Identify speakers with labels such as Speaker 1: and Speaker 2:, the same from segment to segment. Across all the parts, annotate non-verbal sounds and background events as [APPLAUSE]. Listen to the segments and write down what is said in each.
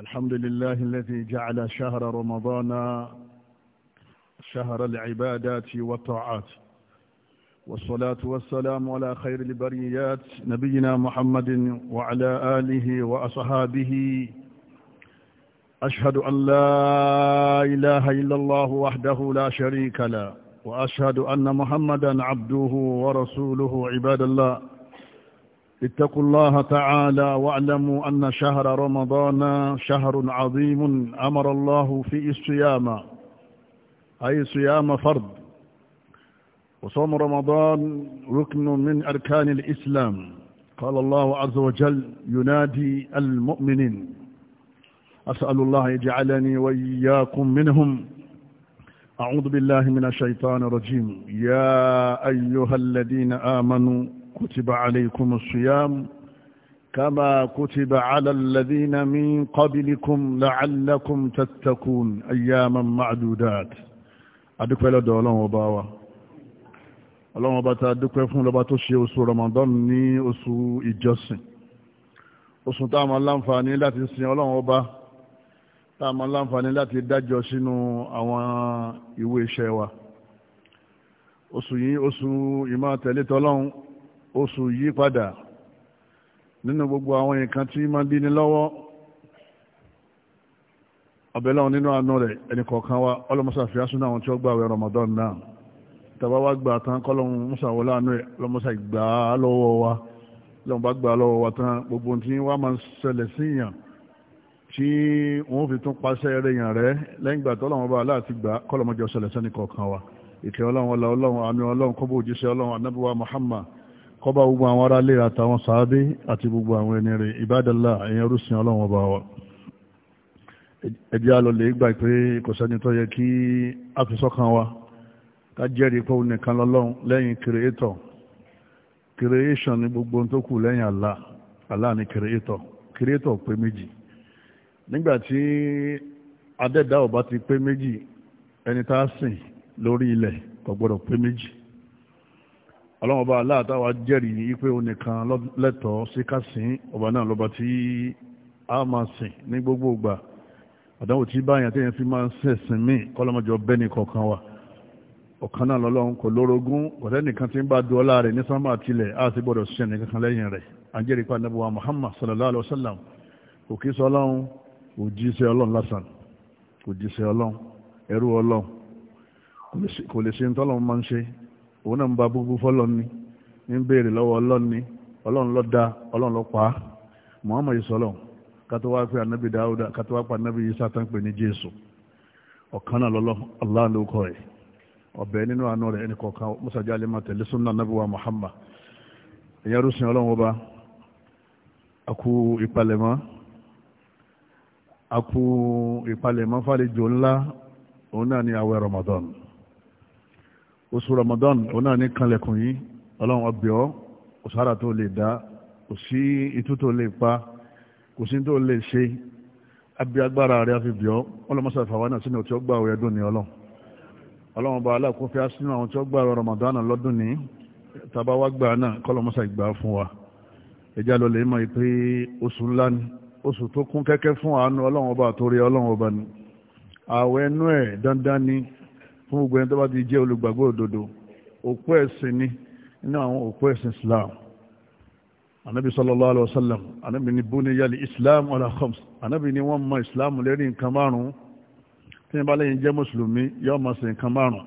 Speaker 1: الحمد لله الذي جعل شهر رمضان شهر العبادات والطاعات والصلاة والسلام على خير البريات نبينا محمد وعلى آله وأصحابه أشهد أن لا إله إلا الله وحده لا شريك له وأشهد أن محمدا عبده ورسوله عباد الله اتقوا الله تعالى واعلموا أن شهر رمضان شهر عظيم أمر الله فيه الصيام أي صيام فرض وصوم رمضان ركن من أركان الإسلام قال الله عز وجل ينادي المؤمنين أسأل الله يجعلني وإياكم منهم أعوذ بالله من الشيطان الرجيم يا أيها الذين آمنوا كتب عليكم الصيام كما كتب على الذين من قبلكم لعلكم تتقون أياما معدودات أدكوا إلى دولان وباوة ọlọ́run ọba ta dúpẹ́ fún lọ́ba tó ṣe oṣù Ramadan ní oṣù ìjọsìn oṣù tá a máa láǹfààní láti sin ọlọ́run ọba tá a máa láǹfààní láti dájọ́ sínú àwọn ìwé iṣẹ́ wa oṣù yìí oṣù ìmọ̀ tẹ̀lé tọ́lọ́run oṣù yí padà nínú gbogbo àwọn nǹkan tí máa dí ní lọ́wọ́ ọbẹ̀ láwọn nínú àánú rẹ̀ ẹni kọ̀ọ̀kan wa ọlọ́mọsà fi asúnà àwọn tí ó gbà wẹ̀ Ramadan náà tàbá wá gbà tán kọ́lọ́mù musa wọ láàánú ẹ̀ ọlọ́mọsà gbà á lọ́wọ́ wa lọ́mọ bá gbà lọ́wọ́ wa tán gbogbo tí wọ́n máa ń ṣẹlẹ̀ síyàn tí wọ́n fi tún pàṣẹ rẹ̀ yàn rẹ̀ lẹ́yìn gbà tọ́lọ́wọ́n bá aláàtì gbà kọ́lọ́mọjọ wa Muhammad kọba gbogbo àwọn ará lè àtàwọn sàábé àti gbogbo àwọn ẹni rẹ̀ ìbádàlá èyàn rúsìn ọlọ́run ọba wa ẹ̀dí alọ́lẹ̀ ìgbà pé kò sẹ́ni tó yẹ kí a fi sọ́kàn wa ká jẹ́rìí pé nìkan lọ́lọ́run lẹ́yìn kìrìẹ́tọ̀ kìrìẹ́ṣàn ni gbogbo tó kù lẹ́yìn Allah Allah ni kìrìẹ́tọ̀ kìrìẹ́tọ̀ pé méjì nígbà tí adẹ́dá ọba ti pé méjì ẹni tá a sìn lórí ilẹ̀ kò pé méjì ọlọ́run ọba aláàtàwà jẹ́rìí ipé onìkan lẹ́tọ̀ọ́ sí kásìn ọba náà lọ́ba tí a máa sìn ní gbogbo ìgbà àdánwò tí báyàn téèyàn fi máa ń sẹ̀sìn míì kọ́lọ́mọjọ bẹ́ni kọ̀ọ̀kan wa ọ̀kan náà lọ́lọ́run kò lórogún ọ̀tẹ́nìkan tí ń bá du ọlá rẹ̀ ní sánmà tilẹ̀ á sì gbọ́dọ̀ ṣiṣẹ́ nìkan lẹ́yìn rẹ̀ àjẹrìí pa nàbọ̀wá Muhammad sallallahu sallam òkè sọ ọlọ́run òjíṣẹ́ ọlọ́run lásán òjíṣẹ́ ọlọ́run ẹrú ọlọ́run òun náà ń ba búbú mba ní ń béèrè lọ́wọ́ ọlọ́ni ọlọ́run ló dá ọlọ́run ló pa Muhammad sọlọ kátó anabi dawuda kátó anabi Isa tán pè ní Jésù ọ̀kan náà lọ́lọ́ Allah ló kọ́ ẹ̀ ọ̀bẹ nínú àánú rẹ̀ ẹnì kọ̀ọ̀kan mọ́sàájá anabi wa ìpalẹ̀mọ́ Ramadan oṣù Ramadan òun náà ní kanlẹ̀kùn yìí ọlọ́run ọbẹ̀ ọ́ kò sára tó lè dá kò sí itú tó lè pa kò sí tó lè ṣe abí agbára rẹ̀ àfi bẹ̀ ọ́ ọlọ́mọṣà fàwa náà sínú tí ó gbà òye dùn ní ọlọ́run ọlọ́run bá aláàkó fi sínú àwọn tí ó gbà Ramadan lọ́dún ní tàbá wá gbà náà kọ́lọ́mọṣà ìgbà fún wa ẹjá lọ lè mọ̀ pé oṣù ńlá ni oṣù tó kún kẹ́kẹ́ fún àánú ọlọ́run ọba àtòrí ọlọ́run ọba ni ààwẹ̀ inú ẹ̀ dandan ni fún gbogbo ẹni tó bá ti jẹ́ olùgbàgbọ́ òdodo òpó ẹ̀sìn ni nínú àwọn òpó ẹ̀sìn Islam anabi sallallahu alayhi wa sallam anabi ni bóni yali Islam ala khams anabi ni wọ́n mọ Islam lérí nǹkan márùn-ún tí wọ́n bá lẹ́yìn jẹ́ mùsùlùmí yóò mọ̀ sí nǹkan márùn-ún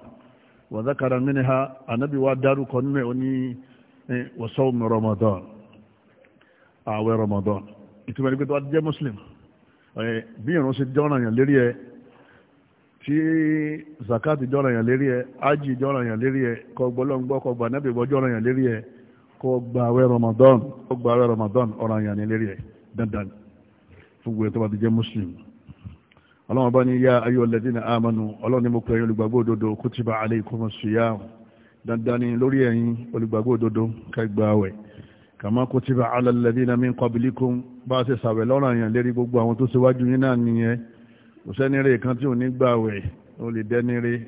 Speaker 1: wa dhakara minha anabi wa dárúkọ nínú ẹ̀ oní wa sawm Ramadan ààwẹ̀ Ramadan ìtumọ̀ ní jẹ́ mùsùlùmí bí ìrún ṣe jọ́ràn yàn lérí ẹ̀ tí zakati jọ́ra yàn lérí ẹ ájì jọ́ra yàn lérí ẹ kọ gbọ́lọ́ngbọ́ kọ gbà nẹ́bí bọ́ jọ́ra yàn lérí ẹ kọ gbà wẹ́ Ramadan kọ gbà wẹ́ Ramadan ọ̀ràn yàn ní lérí ẹ dandan fúgbẹ́ tó bá ti jẹ́ muslim ọlọ́run bá ní yá ayé ọlẹ́dí ní amanu ọlọ́run ní mo pè é olùgbàgbọ́ òdodo kutiba alaykum siyam dandan ni lórí ẹ̀yin olùgbàgbọ́ òdodo kẹgbàwẹ̀ kàmá kutiba ala alladhina min qablikum bá a ṣe sàwẹ̀ lọ́ràn yàn lérí gbogbo àwọn tó ṣe kò sẹ́ni rẹ̀ kan tí ò ní gbàwẹ̀ ó lè dẹni rẹ̀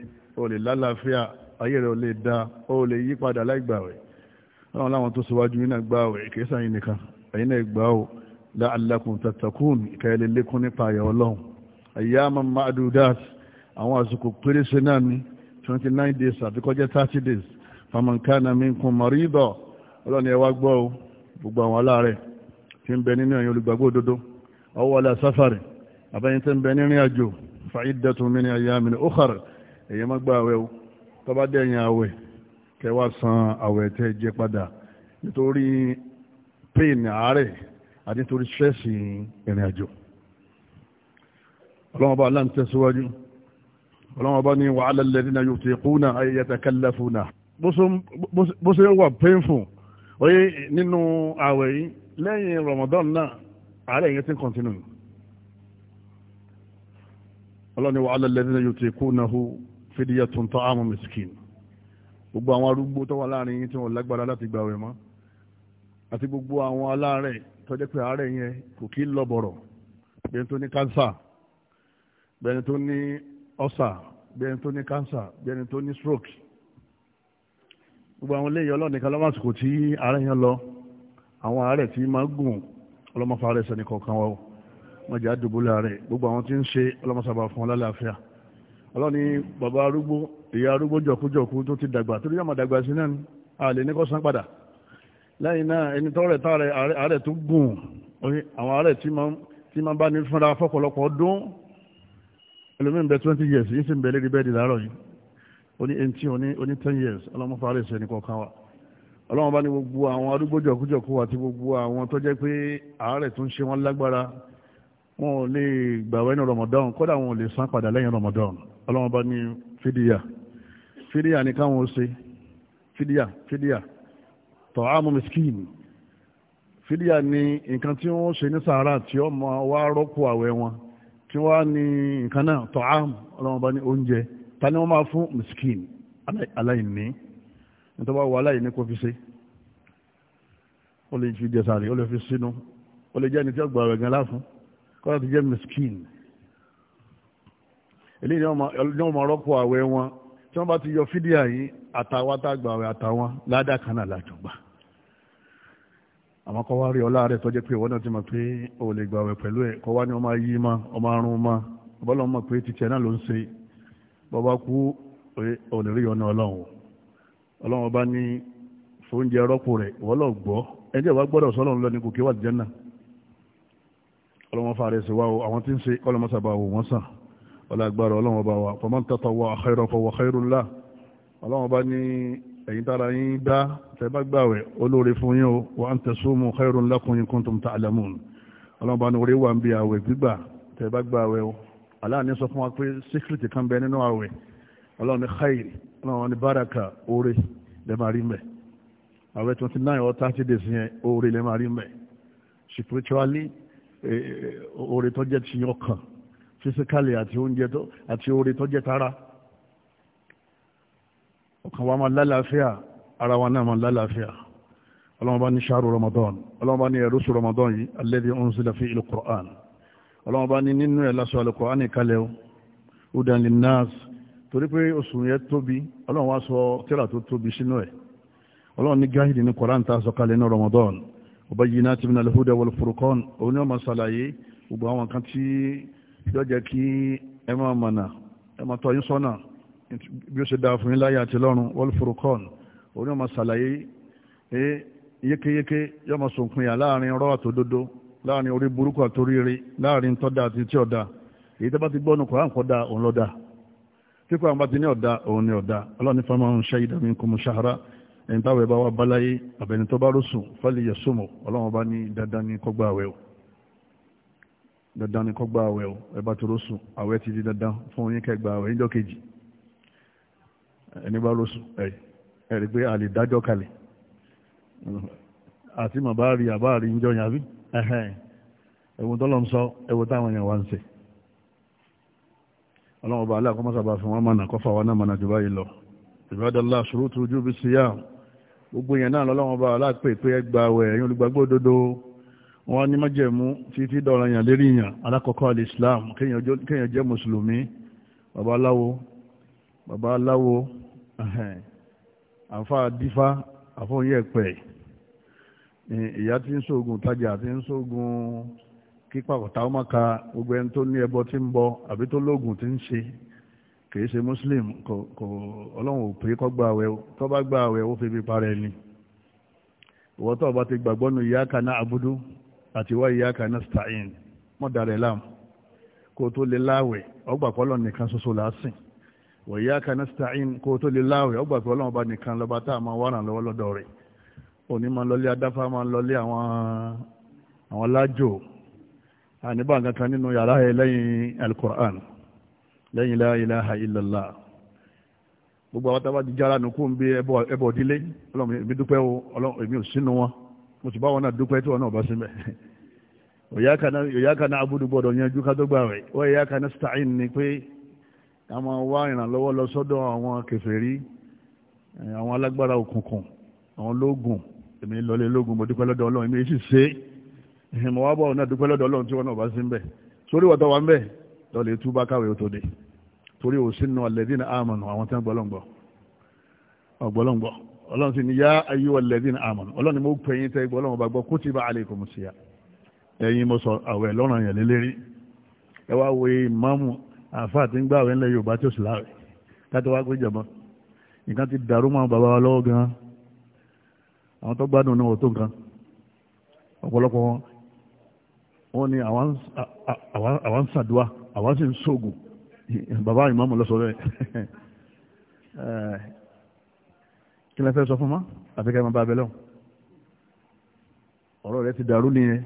Speaker 1: ó lè lálàáfíà ayé rẹ̀ ó lè da ó lè yí padà láì gbàwẹ̀ láwọn láwọn tó síwájú yìí náà gbàwẹ̀ kìí sàn yìí nìkan ẹ̀yin náà gbà ó la'allakum tattaqun ìkẹyẹlẹ lékún nípa àyà ọlọ́run ayyaman ma'dudat àwọn àsìkò pérése náà ní twenty nine days àfikọ́jẹ́ thirty days faman kana minkum marida ọlọ́ni ẹ wá gbọ́ gbogbo àwọn aláàrẹ̀ tí ń bẹ nínú ẹ̀yin olùgbàgbọ́ òdodo ọwọ́ alẹ́ sáfàrì àbẹ́yìn tí ń bẹ nírìn àjò fa'iddatun min ayyamin ukhar èyí má gba àwẹ̀ o tó bá dẹ̀yìn àwẹ̀ kẹwàá san àwẹ̀ tẹ́ jẹ padà nítorí pain àárẹ̀ àti nítorí stress ìrìn àjò ọlọ́wọ́ bá aláǹtẹ̀ síwájú ọlọ́wọ́ bá ní wa'ala alladhina yutiquna ay yatakallafuna bó ṣe wà painful oye nínú àwẹ̀ yìí lẹ́yìn Ramadan náà àárẹ̀ yẹn ti continue ọlọ́ni wa alẹ́lẹ́dínlẹ́ yóò ti kú náà fídíyà tó ń tọ́ àmọ́ mẹ́sìkìn gbogbo àwọn arúgbó tó wà láàrin yín tí wọ́n lágbára láti gbà wẹ̀ mọ́ àti gbogbo àwọn aláàárẹ̀ tó jẹ́ pé àárẹ̀ yẹn kò kí lọ bọ̀rọ̀ bẹ́ẹ̀ tó ní kánsà bẹ́ẹ̀ tó ní ọ̀sà bẹ́ẹ̀ tó ní kánsà bẹ́ẹ̀ tó ní stroke gbogbo àwọn eléyìí ọlọ́nìkan lọ́mọ́sìkò tí àárẹ̀ yẹn lọ àwọn àárẹ̀ tí máa gùn ọlọ́mọfà mọ̀jà dùbúlẹ̀ rẹ̀ gbogbo àwọn tí ń ṣe ọlọ́mọsàbà fún ọ lálàáfíà ọlọ́ni bàbá arúgbó ìyá arúgbó jọ̀kújọ̀kú tó ti dàgbà torí yàmà dàgbà sí náà àlè ní kọ́sán padà lẹ́yìn náà ẹni tọ́ rẹ̀ táàrẹ̀ àárẹ̀ tó gùn àwọn àárẹ̀ tí máa bá ní fúnra fọ́pọ̀lọpọ̀ ọdún ẹlòmíín bẹ twenty years yìí sì ń bẹ lérí bẹ́ẹ̀dì láàárọ̀ yìí oní eighteen oní oní ten years ọlọ́mọ fàárẹ̀ ṣe ní kọ̀ọ̀kan wa ọlọ́mọ bá ní gbogbo àwọn arúgbó jọ̀kújọ̀kú àti gbogbo àwọn tó jẹ́ pé àárẹ̀ tó ń ṣe wọ́n lágbára wọn ò lè gbàwẹ̀ ní Ramadan kódà wọn ò lè san padà lẹ́yìn Ramadan ọlọ́wọ́n bá ní fídíà fídíà ní káwọn ó ṣe fídíà fídíà tọ́hámù miskin fídíà ní nǹkan tí wọ́n ṣe ní sàárà tí ó máa wá rọ́pò àwẹ̀ wọn tí wọ́n á ní nǹkan náà tọ́hámù ọlọ́wọ́n bá ní oúnjẹ ta ni wọ́n máa fún miskin aláìní nítorí wọ́n wọ aláìní kó fi ṣe ó lè fi jẹ sàárè ó lè fi sínú ó lè jẹ́ ẹni tí ó gbà gan láfún kọ́lá ti jẹ́ miskin eléyìí ni wọ́n máa rọ́pò àwẹ̀ wọn tí wọ́n bá ti yọ fídíà yìí àtàwọn àtàgbà àwẹ̀ àtàwọn ládàá kan náà lájọ gbà àmọ́ kọ́ wá rí ọlá rẹ̀ tọ́jú pé ìwọ náà ti mọ̀ pé o lè gbà àwẹ̀ pẹ̀lú ẹ̀ kọ́ wá ní ọmọ yí ma ọmọ arún ma ọbọ̀lọ́ mọ̀ pé títí ẹ̀ náà ló ń ṣe bọ́bá kú o lè rí ọ̀nà ọlọ́run ọlọ́run ọba ní fóúnjẹ rọ́pò rẹ̀ ìwọ́lọ́ ọlọ́wọ́n fàárẹ̀ sí wáwọ́ àwọn tí ń ṣe ọlọ́mọ́sàbà wò wọ́n sàn ọlọ́gbàrà ọlọ́wọ́n bá wà faman tatawwa khairan fahuwa khairun lah ọlọ́wọ́n bá ní ẹ̀yin tára yín dá tẹ́ bá gbàwẹ̀ olóore fún yín o wa an tasumu khairun lakum in kuntum ta'lamun ọlọ́wọ́n bá ní orí wà ń bi àwẹ̀ gbígbà tẹ́ bá gbàwẹ̀ o aláàní sọ fún wa pé síkírìtì kan bẹ nínú àwẹ̀ spiritually oore tó jẹ́ ti ọkàn fisikali àti oúnjẹ tó àti oore tó jẹ́ tara ọkàn wa máa lálàáfíà ara wa náà máa lálàáfíà ọlọ́wọ́n bá ní ṣáàrù ramadan ọlọ́wọ́n bá ní ẹ̀rúsù ramadan yìí alladhi unzila fi ilẹ̀ qur'an ọlọ́wọ́n bá ní nínú ẹ̀ lásọ alẹ́ qur'an kalẹ̀ udan linnas torí pé oṣù yẹn tóbi ọlọ́wọ́n wá sọ tírà tó tóbi sínú ẹ̀ ọlọ́wọ́n ní gáhìdì ní qur'an tá a sọ kalẹ̀ ní ramadan وبينات من الهدى والفرقان òun yóò máa ṣàlàyé gbogbo àwọn kan tí yóò jẹ́ kí ẹ máa mọ̀nà ẹ máa tọ́ yín sọ́nà bí ó ṣe dáa fún yín láyé àti lọ́run wal-furqan òun yóò máa ṣàlàyé yékéyéké yóò máa sònkun yà láàrin ọ̀rọ̀ àtòdodo láàrin orí burúkú àtòríire láàrin tọ́da àti tí ọ̀dà èyí tó bá ti gbọ́nu kọ́ àǹkọ́dà òun lọ́dà kíkọ́ àwọn bá ti ní ọ̀dà òun ni ọ̀dà ọlọ́run ní fáwọn ṣe ìdàmí kò ẹni táwẹ̀ bá wà báláyé àbẹ̀ni tó bá rò sùn fálì yẹ sómọ̀ ọlọ́run bá ní dandan ní kọ́gbà àwẹ̀ o dandan ní kọ́gbà àwẹ̀ o ẹ bá tó rò sùn àwẹ̀ ti di dandan fún yín kẹgbà àwẹ̀ níjọ́ kejì ẹni bá rò sùn ẹ ẹ rí pé àlè dájọ́ kalẹ̀ àti mà bá rí àbá rí níjọ́ yàrá ẹ̀wọ̀n tó lọ́n sọ ẹ̀wọ̀n táwọn èèyàn wá ń ṣe ọlọ́run bá aláàkọ́mọ́sàbà fún wọn mọ̀nà kọ́fà wọn náà mọ̀nà jù báyìí lọ ìbádọ́lá ṣòro tó ojú bí síyá gbogbo èèyàn náà lọ́lọ́wọ́n bá aláàpẹ̀ pé ẹ gba àwẹ̀ ẹ̀yin olùgbàgbọ́ òdodo wọn ní májẹ̀mú títí dọ̀rọ̀ yàn lérí yàn alákọ̀ọ́kọ́ alìsílám kéèyàn jẹ́ mùsùlùmí bàbá aláwo bàbá aláwo àfa dífá àfọyẹ̀pẹ̀ ìyá tí ń sóògùn tajà tí ń sóògùn kípàkọ̀tà ọmọka gbogbo ẹni tó ní ẹbọ tí ń bọ àbí tó lóògùn tí ń ṣe kìí ṣe muslim kò kò ọlọ́run ò pé kọ́ gba àwẹ̀ bá gba ó fi bí parẹ́ ni ìwọ tó bá ti gbàgbọ́ nu na abudu àti wá iyyaka nasta'in mọ́ darẹ̀ láàmú kó tó lè láwẹ̀ ọgbà nìkan ṣoṣo làásìn wọ̀ iyyaka nasta'in kó tó lè láwẹ̀ ọgbà ọba nìkan lọ́ba tá a máa wà lọ́wọ́ lọ́dọ̀ rẹ̀ òní máa lọlé adáfá máa lọlé àwọn nínú yàrá ẹ lẹ́yìn lẹ́yìn la ilaha illallah gbogbo àwọn tábà jíjá ara nìkú ń bí ẹbọ ìdílé ọlọ́run èmi dúpẹ́ o ọlọ́run èmi ò sínú wọn mo sì bá wọn náà dúpẹ́ tí wọn náà bá sí mẹ́ òyàkà náà abudu gbọdọ̀ yanjú ká tó gbà rẹ̀ ó yàkà náà stein ni pé a máa wá ìrànlọ́wọ́ lọ sọ́dọ̀ àwọn kèfèrí eh, àwọn alágbára òkùnkùn àwọn lóògùn èmi lọlé lóògùn mo dúpẹ́ lọ́dọ̀ ọlọ́run èmi sì ṣe é náà dúpẹ́ lọ́dọ̀ ọlọ́run tí wọn náà bá sí mẹ́ sórí wọ́tọ̀ wa mẹ́ lọ́lẹ̀ túbá ó tó dé torí ò sínú alladhina amanu àwọn tán gbọ́lọ́ngbọ́ ọgbọ́lọ́ngbọ́ ọlọ́run sì ní yá ayé alladhina amanu ọlọ́run ni mo pè yín tẹ́ gbọ́lọ́ngbọ́ bá gbọ́ kutiba alaykumus siyam ẹ̀yin mo sọ àwẹ̀ lọ́ràn yẹn lélẹ́rí ẹ wá wo ìmáàmù àfáà tí ń gbà wẹ́ńlẹ̀ Yorùbá tó sì láwẹ̀ láti wá pé jọ̀mọ́ nǹkan ti dàrú mọ́ bàbá wa lọ́wọ́ gan-an àwọn tó gbádùn náà tó nǹkan ọ̀pọ̀lọpọ̀ wọn ni àwọn ń àwọn sì ń ṣògùn bàbá ìmáàmù lọ́sọ̀ rẹ̀ eh, kí lẹ fẹ́ sọ fún ma àfi ká ẹ máa bá abẹ́lẹ́ ọ̀rọ̀ rẹ̀ ti dàrú nìyẹn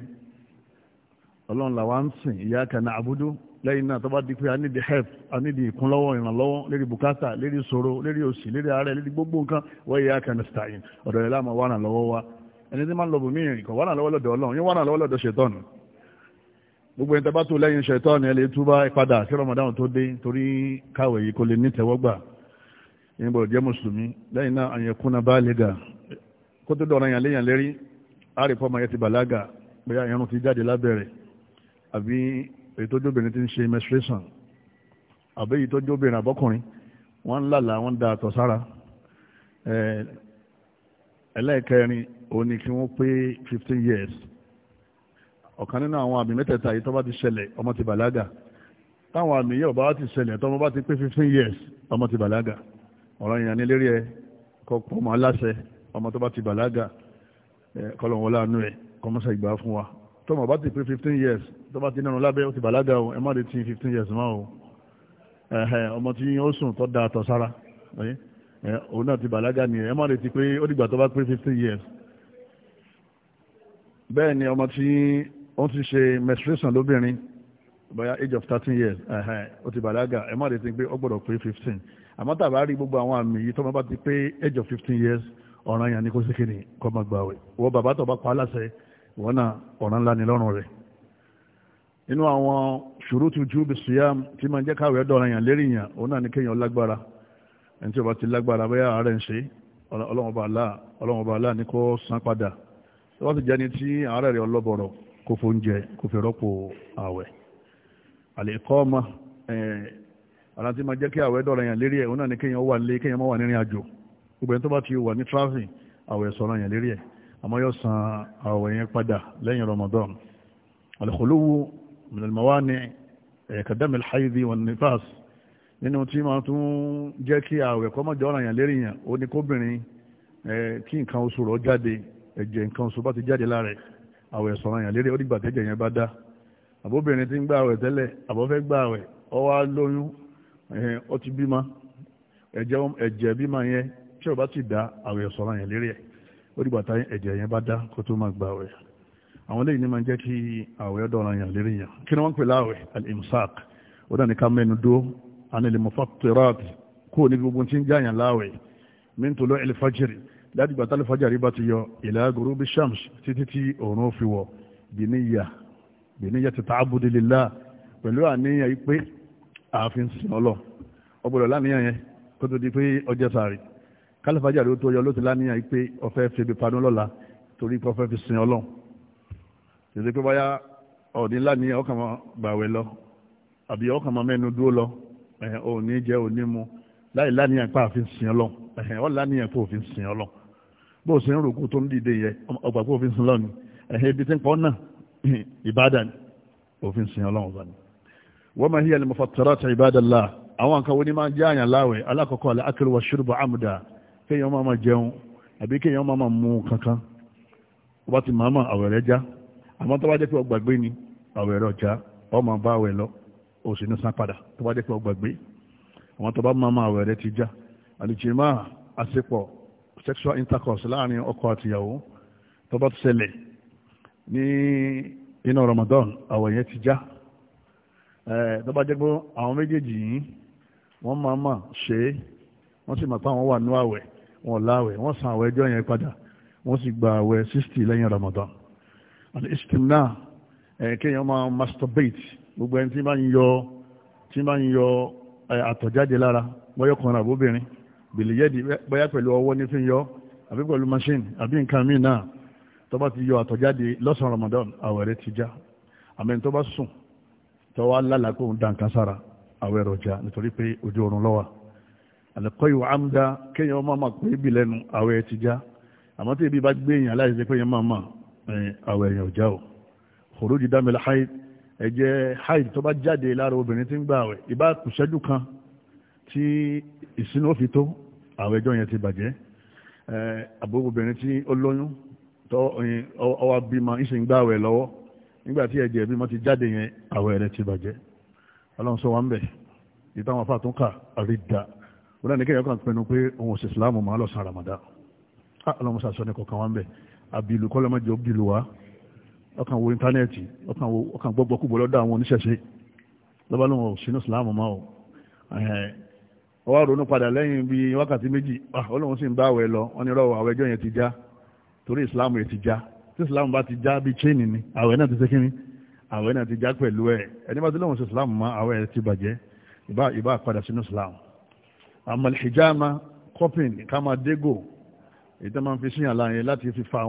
Speaker 1: ọlọ́run làwa ń sìn ìyá kaná àbúdú lẹ́yìn náà tó bá di pé a nídìí help a nídìí ìkúnlọ́wọ́ ìrànlọ́wọ́ lérí bùkátà lérí ìṣòro lérí òṣì lérí àárẹ̀ lérí gbogbo nǹkan wọ́n ìyá kaná stein ọ̀dọ̀ rẹ̀ láàmú wà náà lọ́wọ́ wa ẹni tí máa ń lọ bùnmí ìrìn kọ̀ wà náà lọ́wọ́ lọ́dọ̀ ọlọ́run yóò wà náà lọ́wọ́ lọ́dọ̀ ṣètọ́nù gbogbo ẹni tàbá tó lẹ́yìn ṣẹ̀tọ́ ni ẹlẹ́ túbá padà sí Ramadan tó dé torí káwé yìí kò lè ní tẹ́wọ́gbà ìyìnbọn jẹ́ mùsùlùmí lẹ́yìn náà àyẹ̀kúnna bá lè gà kó tó dọ̀rọ̀ yàn léyàn lérí àrífọ́ ọmọ yẹn ti bàlágà bóyá ìyẹn ti jáde lábẹ́rẹ̀ àbí èyí tó jóbìnrin ti ń ṣe menstruation àbí èyí tó jóbìnrin àbọ́kùnrin wọ́n ń lálà wọ́n da àtọ̀ sára ẹlẹ́ẹ̀kẹrin òní kí wọ́n pé fifteen years ọ̀kan nínú àwọn àmì mẹ́tẹ̀ẹ̀ta yìí tó bá ti ṣẹlẹ̀ ọmọ ti bàlágà táwọn àmì yìí ọba ti ṣẹlẹ̀ tọ́mọ bá ti pé fifteen years ọmọ ti bàlágà ọ̀rọ̀ ìyàn ní lérí ẹ kọ́ pọ̀ mọ́ aláṣẹ ọmọ tó bá ti bàlágà kọlọ̀wọ́ láàánú ẹ̀ kọmọ́sà ìgbà fún wa tọ́mọ bá ti pé fifteen years tó bá ti nánú lábẹ́ ti bàlágà o ẹ má lè ti fifteen years máa o ọmọ tí ó sùn tó ti bàlágà ni ẹ má lè ti pé ó dìgbà tó fifteen years bẹ́ẹ̀ ni ọmọ tí ó ti ṣe menstruation lóbìnrin bóyá age of thirteen years ó ti bàlágà ẹ má lè ti pé ó gbọ́dọ̀ pé fifteen àmọ́ tàbá rí gbogbo àwọn àmì yìí tọ́mọ bá ti pé age of fifteen years ọ̀ràn yẹn ni kó sì kéde kọ́ máa gbà wẹ̀ wọ́n bàbá tó bá pa á láṣẹ ìwọ́n náà ọ̀ràn ńlá ni lọ́rùn rẹ̀ inú àwọn ṣùrùtù júbì síyàm tí máa ń jẹ́ káwé ọ̀dọ̀ yàn lérí yàn òun náà ni kéèyàn lágbára ẹni tí ó bá ti lágbára bẹ́ẹ̀ àárẹ̀ ń ṣe ọlọ́mọba aláà ọlọ́mọba aláà ni kó san padà tó bá ti jẹ́ni tí àárẹ̀ rẹ̀ ọlọ́bọ̀rọ̀ kó fóúnjẹ kó fi rọ́pò àwẹ̀ àlèkọ́ọ́mà ara tí ma jẹ́ kí àwẹ̀ dọ̀rọ̀ yàn lérí ẹ̀ òun náà ni kéèyàn wà lé kéèyàn má wà Ramadan alkhuluwu min almawani kadam alhaidi nifas nínú tí ma tún jẹ́ kí àwẹ̀ kó má dọ̀rọ̀ yàn lérí yàn ó ní kóbìnrin kí nǹkan oṣù rọ̀ jáde ẹ̀jẹ̀ nǹkan oṣù bá ti jáde lára àwẹ̀ sọ̀rọ̀ yàn lérí ó dìgbà tẹ́jẹ̀ yẹn bá dá àbóbìnrin ti ń gba àwẹ̀ tẹ́lẹ̀ àbọ́fẹ́ gba àwẹ̀ ó wá lóyún ó ti bímọ ẹ̀jẹ̀ bímọ yẹn tí ó bá ti dá àwẹ̀ sọ̀rọ̀ yàn lérí ẹ̀ ó dìgbà tẹ́ ẹ̀jẹ̀ yẹn bá dá kó tó máa gba àwẹ̀ àwọn eléyìí ni máa ń jẹ́ kí àwẹ̀ dọ̀rọ̀ yàn lérí kí ni wọ́n pè láwẹ̀ al-imsak ó dà ní ká mẹ́nu dó anil mufattirat kó o ní gbogbo ti ń jáyàn láwẹ̀ min tulu al-fajr láti gbà tálẹ́ fàjàrí bá ti yọ ìlà gurubi shams títí tí òòrùn fi wọ̀ bìníyà bìníyà ti ta'abbudi lillah pẹ̀lú àníyàn pé ààfin sin ọlọ ọgbọ̀dọ̀ láníyàn yẹn kó tó di pé ọjọ́ sàárì kálẹ̀ fàjàrí ó tó yọ ló ti láníyàn pé ọfẹ́ fi ibi panu lọ́la torí pé ọfẹ́ fi sin ọlọ tètè pé báyà ọ̀ní láníyàn ọkàn máa gbàwẹ̀ lọ àbí ọkàn máa mẹ́nu dúró lọ òní jẹ òní mu láì láníyàn pé ààfin sin ọlọ́run ẹ̀hìn wọ́n lánìyàn kó òfin sìn ọ́ lọ bó o sì ń rògbò tó ń dìde yẹ ọgbà kó òfin sìn lọ ni ẹ̀hìn ibi tí ń pọ́ náà ìbádà ni òfin sìn ọ́ lọ́wọ́ bá ni. wọ́n máa hí ẹni mọ̀fà tọ́rọ̀ tẹ ìbádà la àwọn nǹkan wo ni máa jẹ́ àyàn láwẹ̀ alákọ̀ọ́kọ́ alẹ́ akérò wa ṣùrùbọ̀ àmúdà kéèyàn máa máa jẹun àbí kéèyàn máa máa mú kankan àlìjìmá àṣepọ̀ sexual intercourse láàrin ọkọ àtìyàwó tó bá ti ní inú Ramadan àwẹ̀ yẹn ti já tó bá jẹ́ pé àwọn méjèèjì yìí wọ́n máa mà ṣe é wọ́n sì máa pa àwọn wà nú àwẹ̀ wọn láwẹ̀ wọ́n san àwẹ̀ ẹjọ́ yẹn padà wọ́n sì gba àwẹ̀ 60 lẹ́yìn Ramadan àti istimna kéèyàn máa masturbate gbogbo ẹni tí bá ń yọ tí bá ń àtọ̀jáde lára wọ́yọ̀kùnrin àbóbìnrin bìlìyẹ́dì bóyá pẹ̀lú ọwọ́ ní fi yọ àbí pẹ̀lú machine àbí nǹkan míì náà tó bá ti yọ àtọ̀jáde lọ́sàn-án Ramadan àwẹ̀ rẹ̀ ti já àmì tó bá sùn tó wá lálàá kó ń da nǹkan sára àwẹ̀ rẹ̀ já nítorí pé ojú oorun lọ́wà àlẹ́kọ́ ìwà amúdá kéèyàn ọmọ máa pé ibi lẹ́nu àwẹ̀ ti já àmọ́ tí ibi bá gbé èèyàn láì ṣe pé máa máa àwẹ̀ èèyàn ò o kòrò dámẹ́lá haid ẹ̀jẹ̀ haid tó bá jáde lára obìnrin tí ń gbà àwẹ̀ ìbá kùsẹ́jú kan tí ìsinú ó fi tó àwọn ẹjọ́ yẹn ti bàjẹ́ àbúrúbìnrin tí ó lóyún tó ọwọ́ bímọ ìsìn lọ́wọ́ nígbà tí ẹ̀jẹ̀ bímọ ti jáde yẹn àwẹ̀ rẹ̀ ti bàjẹ́ ọlọ́run sọ wa ń bẹ̀ ìtàwọn afá tó ń kà àrídà wọn ní kéèyàn kan pinnu pé òun òsì ìsìláàmù máa lọ san ramada ah, ọlọ́run sàṣọ ní kọ̀ọ̀kan wa ń bẹ̀ àbìlù kọ́lọ́mọ́jọ́ bìlù wa ọkàn wo íńtánẹ́ẹ̀tì ọkàn gbọ́gbọ́kúgbọ́ lọ́dọ̀ àwọn oníṣẹ̀ṣe lọ́bàá ọwọ́ ronú padà lẹ́yìn bíi wákàtí méjì ah, ọlọ́run sì ń bá àwẹ̀ lọ wọ́n ní rọ́wọ́ àwẹ̀ ẹjọ́ yẹn ti já torí ìsìláàmù yẹn ti já tí ìsìláàmù bá ti já bíi chain ni àwẹ̀ náà ti ṣe kíni àwẹ̀ náà ti já pẹ̀lú ẹ̀ ẹni bá ti lóhùn sí ìsìláàmù mọ́ àwẹ̀ ẹ̀ ti bàjẹ́ ìbá ìbá padà sínú ìsìláàmù àmọ́ ìjàmà coping ká máa dégò èyí tó máa ń fi síyàn láàyè láti fi fa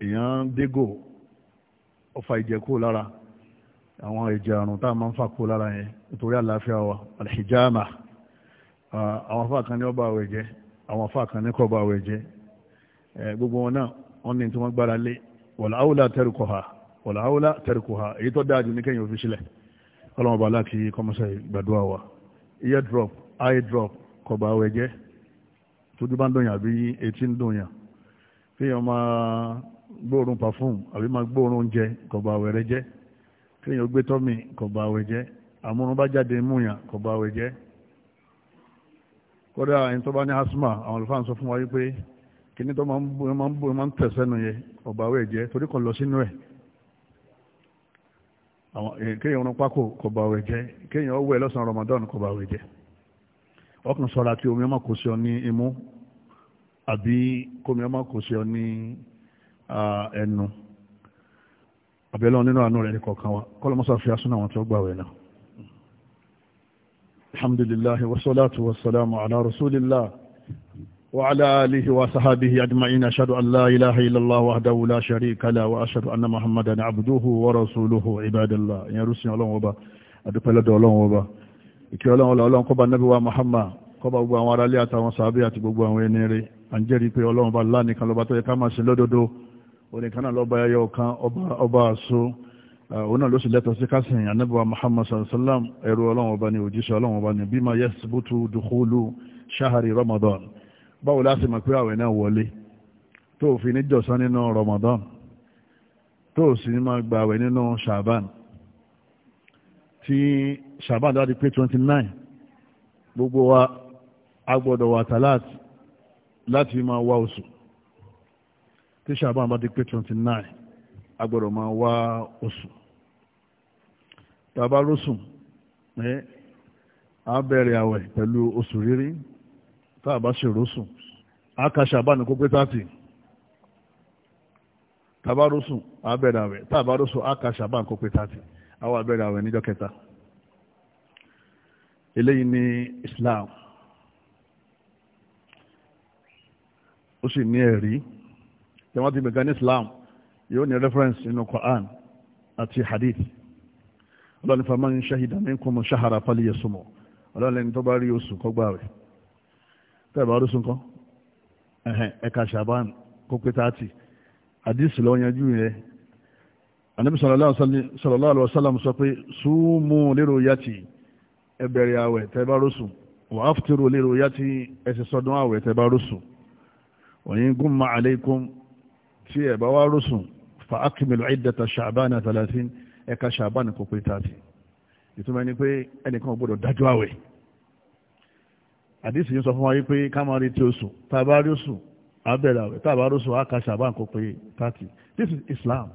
Speaker 1: èèyàn dégò ọfà ìjẹ̀kú lára àwọn àrùn tá a máa ń fà kú lára yẹn nítorí àlàáfíà wa alhijama àwọn afá kan ní ọba àwẹ̀ jẹ àwọn afá kan ní kọba àwẹ̀ jẹ gbogbo wọn náà wọ́n ní tí wọn gbára lé wala aula tẹ́rùkọ̀ha wala aula tẹ́rùkọ̀ha èyí tó dáa jù ní òfin bàálà wa ear drop eye drop kọba àwẹ̀ tójú bá ń dùn yàn àbí etí gbóòórùn pàfún àbí máa gbóòórùn oúnjẹ kò ba àwẹ̀ rẹ jẹ́ kéèyàn gbé tọ́mì kò ba àwẹ̀ jẹ́ àmúrun bá jáde múyàn kò ba àwẹ̀ jẹ́ kódà ẹni tó bá ní asma àwọn olùfáà ń sọ fún wa wípé kíní tó máa ń bò máa ń tẹ̀ sẹ́nu yẹ kò ba àwẹ̀ jẹ́ torí kò lọ sínú ẹ̀ kéèyàn ọ̀run pákó kò ba àwẹ̀ jẹ́ kéèyàn ọwọ́ ẹ lọ́sàn-án Ramadan kò ba àwẹ̀ jẹ́ ọkùnrin sọ̀rọ̀ àti omi ọmọ kò sí ọ ní imú àbí kómi ọmọ kò sí ọ ní ẹnu àbẹ̀lọ́ nínú àánú rẹ̀ kọ̀ọ̀kan wa kọ́lọ́mọ́sá fi asún àwọn tí ó gbà wẹ̀ náà alhamdulillah wasalatu wasalamu ala rasulillah wa ala alihi wa sahabihi ajma'in ashhadu an la ilaha illallah wahdahu la sharika la wa ashhadu anna muhammadan abduhu wa rasuluhu ibadallah ya rusin Ọlọ́hun ọba adúpẹ́ lọ́dọ̀ Ọlọ́hun ọba ìkẹ́ Ọlọ́hun Ọlọ́hun kó bá nabi wa muhammad kó bá gbogbo àwọn aráalé àtàwọn sàábé àti gbogbo àwọn ẹni rẹ̀ à ń jẹ́rìí pé Ọlọ́hun ọba lánìkan lọ́ba tó yẹ ká máa ṣe lódodo onìkan náà lọ́ba ẹyọ kan ọba àṣọ òun náà ló sì lẹ́tọ̀ sí kásìn anábíwá muhammad sallam ẹrú ọlọ́run ọba ní òjíṣẹ́ ọlọ́run ọba ní bímọ yasbutu dukhulu shahari ramadan báwo láti mọ̀ pé àwẹ̀ náà wọlé tó fi ní nínú ramadan tó sì ní máa gba àwẹ̀ nínú shaban tí shaban dáadé pé 29 gbogbo wa agbọ́dọ̀ wà tàláàtì láti máa wá oṣù tí ṣàbọ̀n bá ti pé twenty nine agbọ́dọ̀ máa wá oṣù tàbá lóṣùn ẹ á bẹ̀rẹ̀ àwẹ̀ pẹ̀lú oṣù rírí tá a bá ṣe rọ́ṣùn á ka ṣàbọ̀n ní kó pé thirty tàbá lóṣùn á àwẹ̀ lóṣùn kó pé àwẹ̀ níjọ́ kẹta eléyìí ni Islam ó sì ní ẹ̀rí. tí wọ́n ti gbẹ̀gẹ́ Islam yóò ní reference nínú Quran àti hadith ọlọ́ni faman shahida minkum shahara falyasumhu ọlọ́ni lẹ́ni tó bá rí oṣù kọ́gbà rẹ̀ tẹ́ẹ̀ bá rúṣun kan ẹ̀ka ṣàbán kó pé táàtì àdìsí lọ yanjú yẹn anabi sallallahu alaihi wasallam sọ pé sumu lérò yàtì ẹ bẹ̀rẹ̀ àwẹ̀ tẹ́ẹ̀ bá rúṣun wà áfùtúrò lérò yàtì ẹ̀sìn sọdún àwẹ̀ tẹ́ẹ̀ bá rúṣun wa in gumma alaykum tí ẹ bá wá rúsùn fa akimilu iddata ṣàbánà talatin ẹka ṣàbánà kò pé tààtì ìtumọ̀ ni pé ẹnìkan ò gbọ́dọ̀ dájú àwẹ̀ àdìsí yìí sọ fún wa yìí pé ká máa rí tí oṣù tá a bá rí oṣù àwẹ̀ tá a bá rí oṣù ṣàbánà kò pé tààtì this is Islam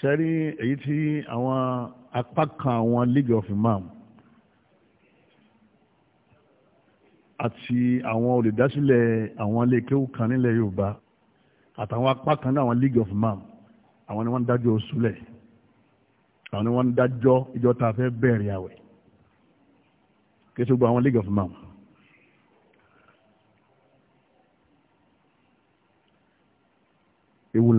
Speaker 1: ṣẹ́rí èyí tí àwọn apá kan àwọn League of Imam àti àwọn olùdásílẹ̀ àwọn ilé kéwù kan nílẹ̀ Yorùbá àtàwọn apá kan náà àwọn league of man àwọn ni wọ́n ń dájọ́ oṣùlẹ̀ àwọn ni wọ́n ń dájọ́ ìjọ tá a fẹ́ bẹ̀rẹ̀ àwẹ̀ kí ṣe gbọ́ àwọn league of man. ewu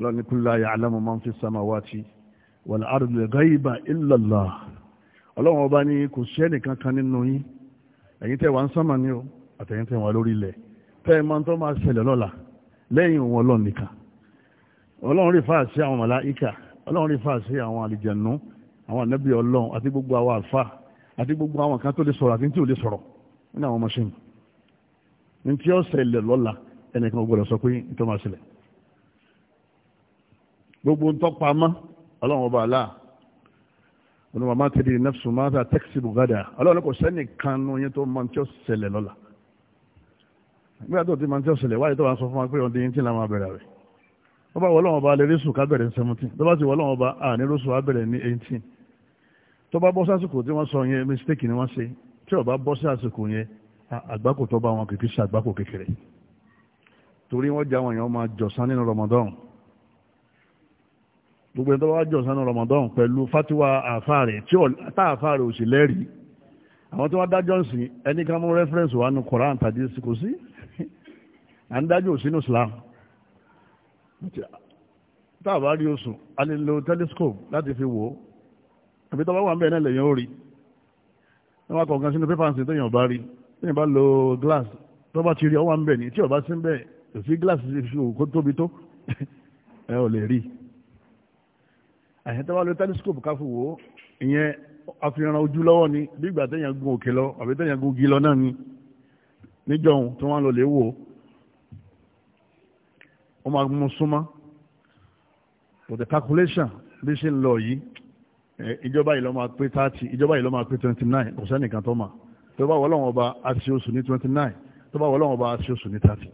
Speaker 1: lọ́ni kúlá ya'lamu man fi samawati wal ardi ghaiba illa Allah ọlọ́run ọba ni kò sẹ́nìkan kan nínú yín ẹ̀yin tẹ́ wà ń sánmà ni o àtẹ̀yìn tẹ̀ wọ́n lórí ilẹ̀ tẹ́ ẹ máa ń tọ́ máa ṣẹlẹ̀ lọ́la lẹ́yìn òun ọlọ́run nìkan ọlọ́run rí fáà sí àwọn màláìkà ọlọ́run rí fáà sí àwọn àlìjẹ̀nú àwọn ànábì ọlọ́run àti gbogbo àwọn àlfà àti gbogbo àwọn kan tó lè sọ̀rọ̀ àti tí ò lè sọ̀rọ̀ nínú àwọn mọ́ṣẹ́yìn ní tí ó ṣẹlẹ̀ lọ́la ẹnìkan gbọ́dọ̀ sọ pé tó máa ṣẹlẹ̀ gbogbo ntọ́pamọ́ ọlọ́run ọba aláà onímọ̀ máa tẹ̀lé nafsu máa tẹ̀sí bùgádà ọlọ́run kò sẹ́nìkan nínú yín tó máa ń tí ó ṣẹlẹ̀ lọ́la nígbà tó ti máa ń tẹ́ ṣẹlẹ̀ wáyé tó wá sọ fún wa pé ọdún yìí tí la máa bẹ̀rẹ̀ rẹ̀ wọ́n bá wọ́lọ́wọ́ bá lè rí sùn ká bẹ̀rẹ̀ seventeen tó bá ti wọ́lọ́wọ́ bá à ní rúṣù á bẹ̀rẹ̀ ní eighteen tó bá bọ́ sásìkò tí wọ́n sọ yẹn mistake ni wọ́n ṣe tí ó bá bọ́ sásìkò yẹn àgbákò tó bá wọn kìkì ṣe àgbákò kékeré torí wọ́n já wọn yẹn máa jọ̀sán nínú Ramadan gbogbo ẹni tó bá jọ̀sán Ramadan pẹ̀lú fatiwa àfáàrè tí tá àfáàrè ò sì lẹ́rìí àwọn tí wọ́n dájọ́ sí ẹnì kan mú rẹ́fẹ́rẹ́nsì wa nu Koran tàbí sikosi à ń dájú òsínú Islam tá a bá rí oṣù a lè lo telescope láti fi wò ó àbí tó bá wà ń bẹ̀rẹ̀ lẹ́yìn ó rí ní wọn kọ̀ọ̀kan sínú pépà sí téèyàn bá rí téèyàn bá lo glass tó bá ti rí ọwọ́ ń bẹ̀ ní tí ọba sí ń bẹ̀ kò sí glass fi òkú tóbi tó [LAUGHS] ẹ ò lè rí àyẹ̀ tó bá lo telescope káfù wò ó ìyẹn àfihàn ojú lọ́wọ́ ni bí ìgbà téèyàn gun òkè lọ àbí téèyàn gun igi lọ náà ni níjọ́ ohun tí wọ́n lọ lè wò ó ó máa mú súnmọ́ but the calculation bí ṣe ń lọ yìí ìjọba yìí ló máa pé thirty ìjọba yìí ló máa pé twenty nine kò sẹ́nìkan tó mà tó bá wọ́n lọ́wọ́ ọba àti oṣù ní twenty nine tó bá wọ́n lọ́wọ́ ọba àti oṣù ní thirty.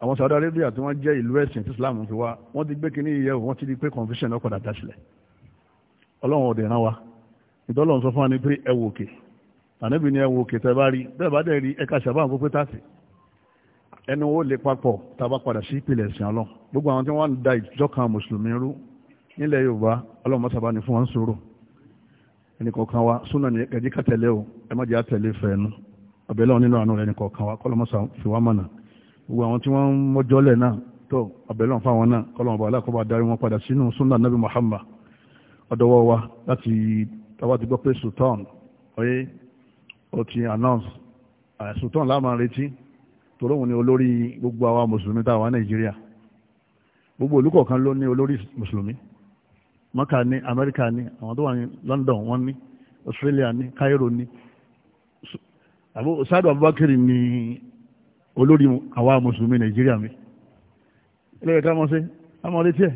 Speaker 1: àwọn Saudi Arabia tí wọ́n jẹ́ ìlú ẹ̀sìn tí Islam fi wá wọ́n ti gbé kínní yẹ̀ wọ́n ti di pé confusion ọkọ̀ dàda sílẹ̀ ọlọ́run ọ̀dẹ̀ náà wa ìtọ́lọ́run sọ fún wa ní pé ẹ òkè ànábì ni ẹ wò òkè tẹ bá rí bẹ́ẹ̀ bá dẹ̀ thirty ẹnu wo lè papọ̀ tá a bá padà sí ìpìlẹ̀ ẹ̀sìn ọlọ́ gbogbo àwọn tí wọ́n ń da ìjọ kan mùsùlùmí rú nílẹ̀ yorùbá ọlọ́mọsàbá ni fún wọn sọ̀rọ̀ ẹnìkọ̀ọ̀kan wa súnà ní ẹ̀jí kàtẹ́lẹ́ o ẹ má jẹ́ àtẹ̀lé fẹ̀ẹ́nu ọ̀bẹ̀lẹ́ nínú àánú rẹ̀ ẹnìkọ̀ọ̀kan wa kọ́lọ́mọsà fi wá mọ̀nà gbogbo àwọn tí wọ́n ń mọ́jọ́lẹ̀ náà tó ọ̀bẹ̀lẹ́ fáwọn tòlóhùn ni olórí gbogbo àwa mùsùlùmí táwa nàìjíríà gbogbo ìlú kọ̀ọ̀kan ló ní olórí mùsùlùmí mọ́kà ní amẹ́ríkà ní àwọn tó wà ní london wọ́n ní australia ní cairo ní sadu abubakar ní olórí àwa mùsùlùmí nàìjíríà mi ilé ká mọ́ sí àmọ́ létí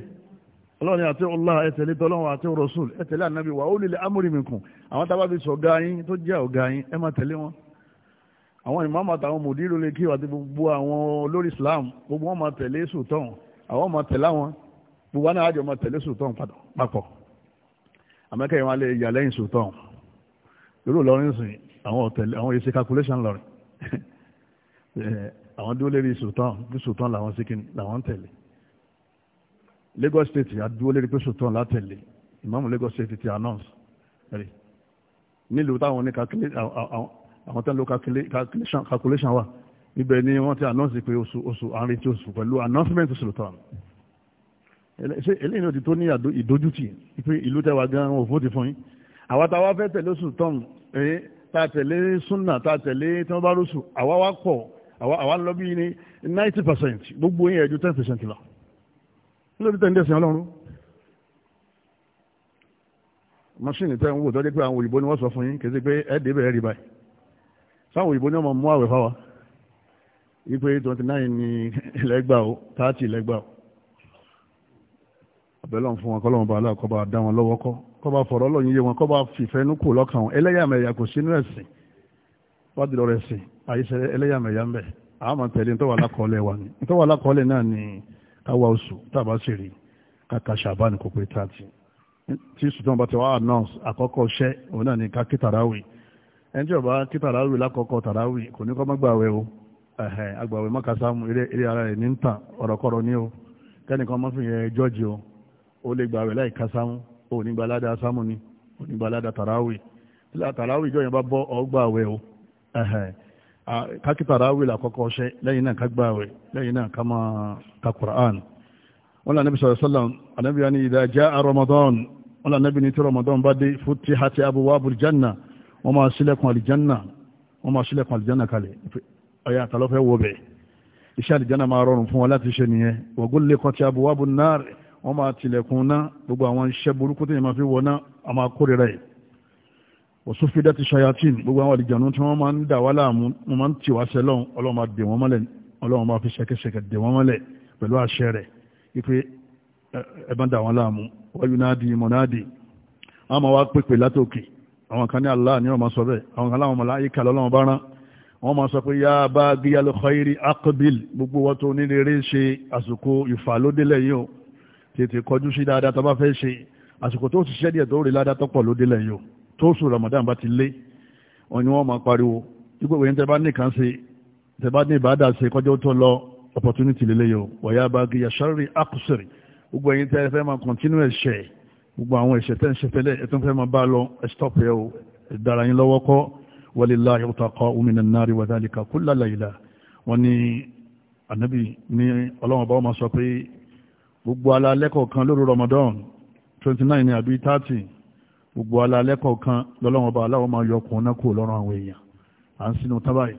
Speaker 1: ọlọ́run ni àti Allah ẹ̀tẹ̀lé tọ́lọ́run àti rasul ẹ̀tẹ̀lé ànábì wà ó lílẹ̀ amúrìmìkùn àwọn tábàbí sọ̀gá yín tó jẹ́ ọ̀gá yín ẹ máa tẹ̀lé wọn àwọn ìmáàmù àtàwọn mòdìrú lè kí àti gbogbo àwọn olórí islam gbogbo wọn máa tẹ̀lé sùtọ́n àwọn máa tẹ̀lé àwọn gbogbo wọn náà àjọ máa tẹ̀lé sùtọ́n papọ̀ àmẹ́kẹ́ yẹn wọn lè yà lẹ́yìn sùtọ́n lórí Ìlọrin sìn àwọn tẹ̀lé àwọn èsì calculation lọ́rin [LAUGHS] àwọn dúró lérí sùtọ́n bí sùtọ́n làwọn síkìn làwọn tẹ̀lé Lagos state àdúró lérí pé sùtọ́n látẹ̀lé ìmáàmù Lagos state ti announce nílùú táwọn oníkàkiri àwọn àwọn tán lo calculation wa ibẹ̀ ni wọ́n ti announce pé oṣù oṣù àárín tí oṣù pẹ̀lú announcement oṣù lọ́tọ̀ ṣe eléyìí ti tó ní ìdójútì pé ìlú tẹwà gan wọn ò fún ti fún yín àwa tá a wá fẹ́ tẹ̀lé oṣù tán ẹ̀ tá tẹ̀lé súnà tá tẹ̀lé tí wọ́n bá lóṣù àwa wá pọ̀ àwa lọ bí ní ninety percent gbogbo yẹn ju ten percent lọ lórí tẹ̀ ń dẹ̀sìn ọlọ́run mọ́ṣíìnì tẹ̀ ń wò tọ́jú pé àwọn òyìnbó ni wọ́n sọ fún yín kì í ṣe pé ẹ̀ sáwọn òyìnbó ní ọmọ mú àwẹ̀ fáwa wípé twenty nine ní lẹ́gbà ó thirty lẹ́gbà ó àbẹ̀lọ́n fún wọn kọ́ lọ́wọ́ bá aláàkọ́ bá dá wọn lọ́wọ́ kọ́ kọ́ bá fọ̀rọ̀ lọ́yìn yé wọn kọ́ bá fìfẹ́ nú kù lọ́kàn wọn ẹlẹ́yàmẹ̀yà kò sínú ẹ̀sìn bá dìlọ rẹ̀ sìn àyíṣẹ́ ẹlẹ́yàmẹ̀yà ń bẹ̀ àmọ́ tẹ̀lé ń tọ́wọ́ alákọ̀ọ́lẹ̀ wa ni ń tọ́wọ́ náà ni káwa oṣù tábà sì rí kàkà ṣàbá pé thirty tí sùtọ́n bá ti wá announce àkọ́kọ́ iṣẹ́ òun náà ni kákítàráwì ẹni tí ọba kí tàràwì lákọ̀ọ́kọ́ tàràwì kò ní kọ́ má gbàwẹ̀ o ẹ̀hẹ̀ agbàwẹ̀ má kásámù eré ara rẹ̀ ní ń tàn ọ̀rọ̀kọ̀rọ̀ ní o kẹ́nìkan má fi yẹn jọ́ọ̀jì o ó lè gbàwẹ̀ láì kásámù o ní gbalada sámù ni o ní gbalada tàràwì tàràwì ìjọ yẹn bá bọ́ ọ gbàwẹ̀ o ẹ̀hẹ̀ kákí tàràwì lákọ̀ọ́kọ́ ṣẹ lẹ́yìn náà ká gbàwẹ̀ lẹ́yìn náà ká máa ka Qur'an wọn lànà bí sọ̀rọ̀ sọ́làm ànàbí Ramadan wọn lànà bí ni tí janna wọ́n máa sílẹ̀kùn àlìjánà wọ́n máa sílẹ̀kùn àlìjánà kalẹ̀ ọ̀yà àtàlọ́fẹ́ wọ bẹ̀ iṣẹ́ àlìjánà máa rọrùn fún wọn láti ṣe nìyẹn waghulliqati abwabun nar wọ́n máa tilẹ̀kùn náà gbogbo àwọn iṣẹ́ burúkú tí yẹn máa fi wọ náà a máa kórìíra yìí wasufidati shayatin gbogbo àwọn àlìjánu tí wọ́n máa ń dà wá láàmú wọ́n máa ń tì wá sẹ́lọ́n ọlọ́run máa dè wọ́n mọ́lẹ̀ ọlọ́run máa àwọn kan ní Allah ní ọmọ sọ bẹ́ẹ̀ àwọn kan láwọn màláíkà lọ́lọ́wọ́n bá rán wọ́n máa sọ pé yá bá gíyàlú khairi aqbil gbogbo wọ́n tó ní rere ṣe àsìkò ìfàlódélẹ̀ yìí o tètè kọjú sí dáadáa tó bá fẹ́ ṣe àsìkò tó ṣiṣẹ́ díẹ̀ tó rí ládàá tó pọ̀ lódélẹ̀ yìí o tó sùn Ramadan bá ti lé wọn ni wọ́n máa pariwo ipò wẹ̀yìn tẹ bá ní kan ṣe tẹ bá ní ìbáàdà ṣe kọjọ́ tó lọ opportunity lélẹ̀ yìí o wọ́n yá bá gíyà sharri aqsir gbogbo ẹ̀yìn tẹ fẹ́ máa continue ẹ̀ṣẹ̀ gbogbo àwọn ẹ̀ṣẹ̀ tẹ́ ń ṣe tẹ́lẹ̀ ẹ̀tún fẹ́ máa bá lọ ẹ̀ṣtọ́pẹ̀ ò ìdára yín lọ́wọ́ kọ́ walillahi yutaqa'u minan nari wa dhalika kulla wọ́n ní ànábì ní ọlọ́wọ́n bá 29 ní àbí 30 gbogbo alálẹ́kọ̀ọ́ kan lọ́lọ́wọ́n bá aláwọ̀ yọ ọkùnrin náà kúrò lọ́rùn àwọn èèyàn à ń sínú tábàyì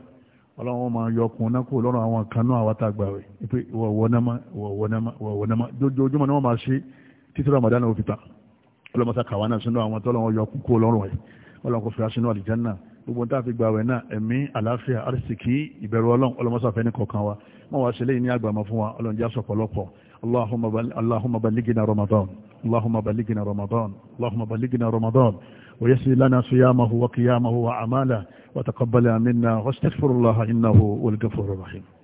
Speaker 1: ọlọ́wọ́n máa náà kúrò náà àwọn àtàgbà rẹ̀ pé náà má ìwọ̀wọ̀ náà ọlọ́mọta kàwá náà sínú àwọn tọ́lọ́wọ́ yọ kúkú ọlọ́run ẹ̀ ọlọ́run kò fìyà sínú àlìjánà gbogbo tá a fi gbàwẹ̀ náà ẹ̀mí àlàáfíà àrísìkí ìbẹ̀rù ọlọ́run ọlọ́mọsàfẹ́ ní kọ̀ọ̀kan wa wọ́n wá sílé ní àgbàmọ́ fún wa ọlọ́run jásọ̀ pọ̀lọpọ̀ اللهم بلغنا رمضان اللهم بلغنا رمضان اللهم رمضان ويسر صيامه وقيامه وأعماله وتقبل منا واستغفر الله إنه هو الرحيم